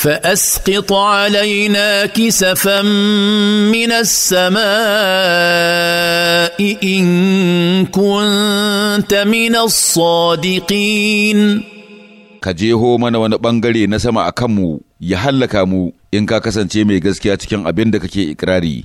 فاسقط علينا كسفا من السماء ان كنت من الصادقين ka jeho mana wani ɓangare na sama a kanmu ya hallaka mu in ka kasance mai gaskiya cikin abin da kake ikirari